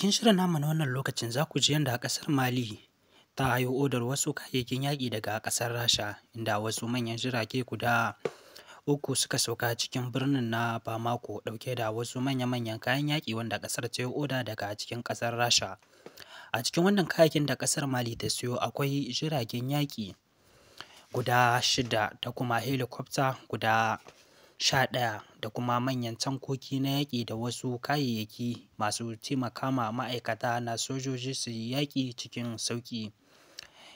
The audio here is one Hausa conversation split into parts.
cikin shirin namu na wannan lokacin za ku ji yadda kasar Mali ta hayo odar wasu kayayyakin yaƙi daga ƙasar Rasha inda wasu manyan jirage guda uku suka sauka cikin birnin na Bamako ɗauke da wasu manya-manyan kayan yaƙi wanda ƙasar ta yi oda daga cikin ƙasar Rasha. A cikin wannan kayakin da ƙasar Mali ta siyo akwai jiragen yaƙi guda shida da kuma helikwafta guda sha ɗaya da kuma manyan tankoki na yaƙi da wasu kayayyaki masu taimaka ma ma'aikata na sojoji su yi yaƙi cikin sauƙi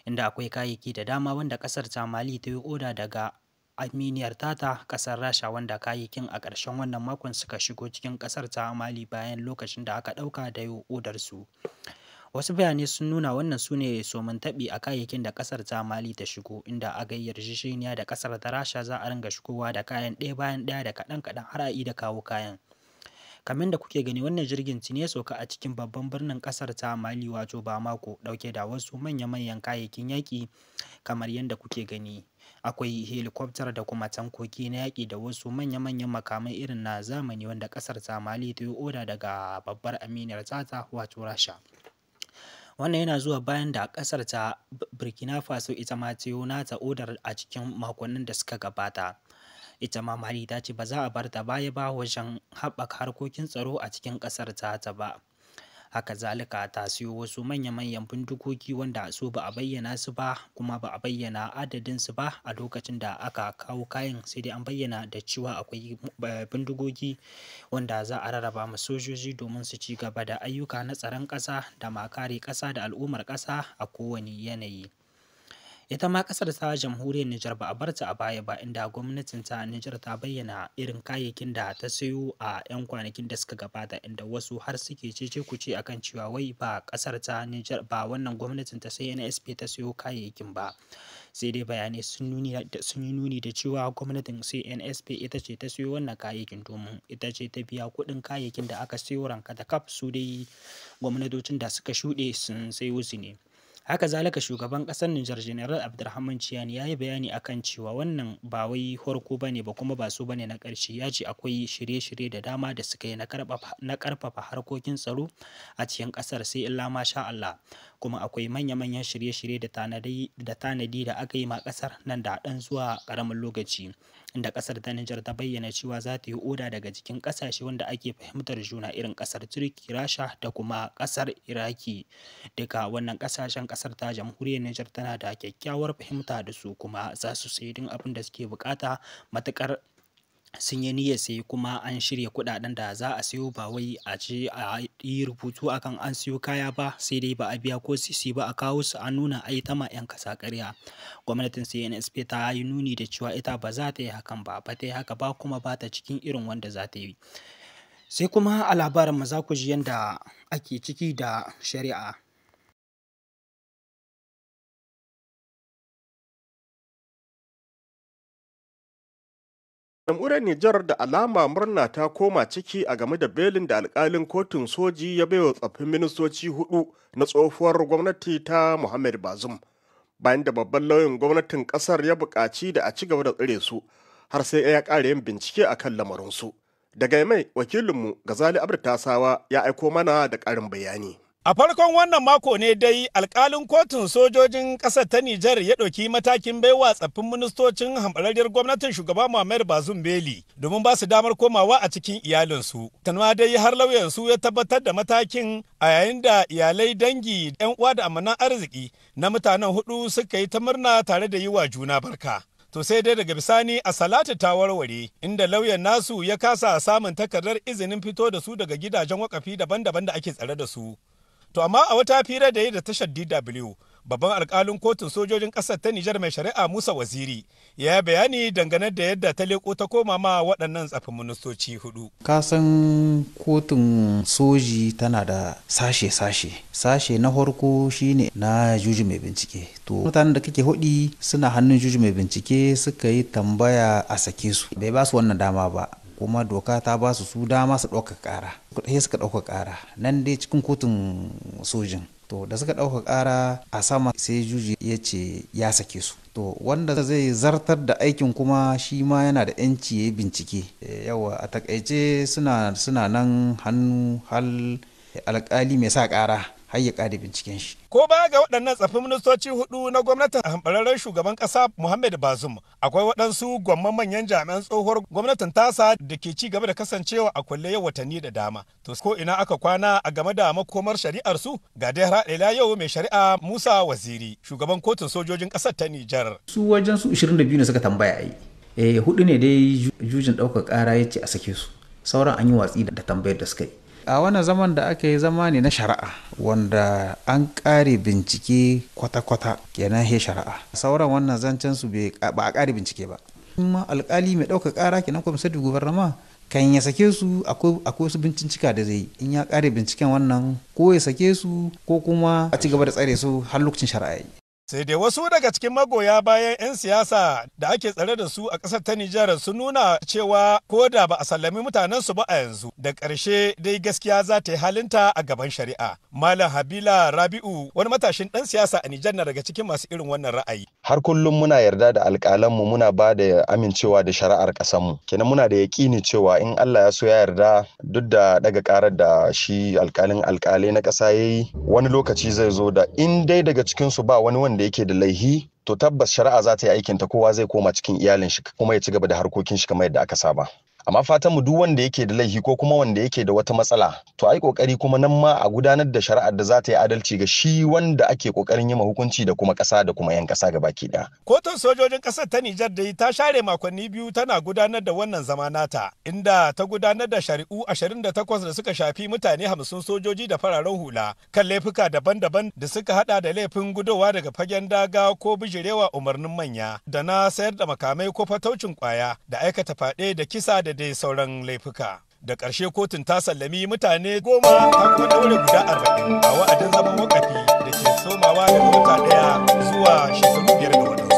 inda akwai kayayyaki da dama wanda ƙasar ta mali ta yi oda daga aminiyar tata ƙasar rasha wanda kayayyakin a ƙarshen wannan makon suka shigo cikin ƙasar ta mali bayan lokacin da aka ɗauka da yi odarsu. su Wasu bayanai sun nuna wannan su ne somin taɓi a kayayyakin da ƙasar ta Mali ta shigo, inda a ga jishiniya da ƙasar ta Rasha za a ringa shigowa da kayan ɗaya bayan ɗaya da kaɗan-kaɗan har a da kawo kayan. kamar da kuke gani wannan jirgin ci ne sauka a cikin babban birnin ƙasar ta mali wato bamako ɗauke da wasu manya-manyan kayayyakin yaƙi kamar yadda kuke gani akwai helikoftar da kuma tankoki na yaƙi da wasu manya-manyan makamai irin na zamani wanda ƙasar ta mali ta yi oda daga babbar aminiyar tata wato rasha Wannan yana zuwa bayan da ƙasar ta Burkina Faso ita ma ta nata odar a cikin makonnin da suka gabata. Ita ma Mali ta ce ba za a bar ta baya ba wajen haɓaka harkokin tsaro a cikin ƙasar ta ta ba. haka zalika ta siyo wasu manya-manyan bindigogi wanda su ba a bayyana su ba kuma ba a bayyana adadin su ba a lokacin da aka kawo kayan sai dai an bayyana da cewa akwai eh, bindigogi wanda za a rarraba ma sojoji domin su ci gaba da ayyuka na tsaron ƙasa da ma kare ƙasa da al'ummar ƙasa a kowane yanayi. Ita ma ƙasar ta jamhuriyar Nijar ba a barta a baya ba inda gwamnatin ta Nijar ta bayyana irin kayayyakin da ta sayo a 'yan kwanakin da suka gabata inda wasu har suke cece kuce akan cewa wai ba ƙasar ta Nijar ba wannan gwamnatin ta sai NSP ta sayo kayayyakin ba. Sai dai bayanai sun yi nuni da cewa gwamnatin sai NSP ita ce ta sayo wannan kayayyakin domin ita ce ta biya kuɗin kayayyakin da aka sayo ranka da kaf su dai gwamnatocin da suka shuɗe sun sayo su ne. Haka zalika shugaban ƙasar Nijar General Abdulrahman Chiani ya yi bayani akan cewa wannan ba wai horko bane ba kuma ba su bane na ƙarshe ya ce akwai shirye-shirye da dama da suka yi na ƙarfafa harkokin tsaro a cikin ƙasar sai illa masha Allah. kuma akwai manya-manyan shirye-shirye da tanadi da aka yi ma kasar nan da dan zuwa karamin lokaci inda kasar ta Nijar ta bayyana cewa za ta yi oda daga cikin kasashe wanda ake fahimtar juna irin kasar Turki, Rasha da kuma kasar Iraki duka wannan kasashen kasar ta jamhuriyar Nijar tana da kyakkyawar fahimta da su kuma za su sayi din abin da suke bukata matukar sun yi niyyar sai kuma an shirya kuɗaɗen da za a sayo ba wai a ce a yi rubutu akan an sayo kaya ba sai dai ba a biya ko sisi ba a kawo su an nuna ai ta ma 'yan kasa ƙarya gwamnatin cnsp ta yi nuni da cewa ita ba za ta yi hakan ba ba ta yi haka ba kuma ba ta cikin irin wanda za ta yi sai kuma a labarin maza ku ji yadda ake ciki da shari'a jam'uriyar nijar da alama murna ta koma ciki a game da belin da alkalin kotun soji ya baiwa tsaffin ministoci hudu na tsohuwar gwamnati ta muhammad bazum bayan da babban lauyin gwamnatin kasar ya buƙaci da a ci gaba da tsire su har sai ya ƙara yin bincike a kan lamarinsu daga mai wakilinmu gazali abdu tasawa ya aiko mana da ƙarin bayani A farkon wannan mako ne dai alkalin kotun sojojin ƙasar ta Nijar ya ɗauki matakin baiwa tsaffin ministocin hambararriyar gwamnatin shugaba Muhammad Bazum Beli domin ba su damar komawa a cikin iyalinsu. Tanwa dai har lauyansu ya tabbatar da matakin a yayin da iyalai dangi 'yan uwa da amanan arziki na mutanen hudu suka yi ta murna tare da yi wa juna barka. to sai dai daga bisani a salatu ta warware inda lauyan nasu ya kasa samun takardar izinin fito da su daga gidajen wakafi daban-daban da ake tsare da su To amma a wata fira da yi da tashar DW babban alkalin kotun sojojin kasar ta Nijar mai shari'a Musa Waziri ya bayani dangane da yadda ta leko ta koma ma waɗannan tsafin ministoci hudu. Kasan kotun soji tana da sashe-sashe. Sashe na farko shine na juji mai bincike. To mutanen da kake hudi suna hannun juji mai bincike suka yi tambaya a sake su. Bai ba su wannan dama ba. kuma doka ta ba su su dama su ɗauka ƙara kuɗi suka ɗauka ƙara nan dai cikin kotun sojin to da suka ɗauka ƙara a sama sai juji ya ce ya sake su to wanda zai zartar da aikin kuma shi ma yana da yanci ya bincike yawa a takaice suna nan hannu hal alƙali mai sa ƙara har ya ƙare binciken shi. Ko ba ga waɗannan tsafin ministoci hudu na gwamnatin hambararren shugaban ƙasa Muhammad Bazum akwai waɗansu gwamman manyan jami'an tsohuwar gwamnatin tasa da ke ci gaba da kasancewa a kulle yau watanni da dama. To ko ina aka kwana a game da makomar shari'ar su ga dai haɗela yau mai shari'a Musa Waziri shugaban kotun sojojin ƙasar ta Nijar. Su wajen su 22 ne suka tambaya ai. Eh hudu ne dai jujin ɗaukar ƙara ya ce a sake su. Sauran an yi watsi da tambayar da suka yi. a wannan zaman da aka yi zama ne na shari'a wanda an ƙare bincike kwata-kwata kenan he shari'a sauran wannan zancen su ba a kare bincike ba kuma alƙali mai ɗauka ƙara kenan kwamisar da gubarnama kan ya sake su akwai su bincika da zai in ya kare binciken wannan ko ya sake su ko kuma a ci gaba da tsare su har lokacin shari'a sai dai wasu daga cikin magoya bayan 'yan siyasa da ake tsare da su a ƙasar ta nijar sun nuna cewa ko da ba a sallami mutanensu ba a yanzu da ƙarshe dai gaskiya za ta yi halinta a gaban shari'a malam habila rabi'u wani matashin ɗan siyasa a nijar na daga cikin masu irin wannan ra'ayi har kullum muna yarda da alƙalanmu muna ba da amincewa da shari'ar ƙasarmu kenan muna da yaƙini cewa in allah ya so ya yarda duk da daga ƙarar da shi alƙalin alƙalai na ƙasa ya yi wani lokaci zai zo da in dai daga cikinsu ba wani wani wanda yake da laihi to tabbas shari'a za ta yi aikinta kowa zai koma cikin iyalin shi kuma ya ci gaba da harkokin shi kamar yadda aka saba amma fatan mu duk wanda yake da laifi ko kuma wanda yake da wata matsala to ai kokari kuma nan ma a gudanar da shari'ar da za ta yi adalci ga shi wanda ake kokarin yi hukunci da kuma kasa da kuma yan kasa gaba ke da kotun sojojin kasar ta Nijar da ta share makonni biyu tana gudanar da wannan zama nata inda ta gudanar da shari'u 28 da suka shafi mutane 50 sojoji da fararen hula kan laifuka daban-daban da suka hada da laifin gudowa daga fagen daga ko bijirewa umarnin manya da na sayar da makamai ko fataucin kwaya da aikata fade da kisa da dai sauran laifuka. Da ƙarshe kotun ta sallami mutane goma ta kuma daure guda arba'in a wa'adin zaman wakafi da ke somawa da wata ɗaya zuwa shekaru biyar da wani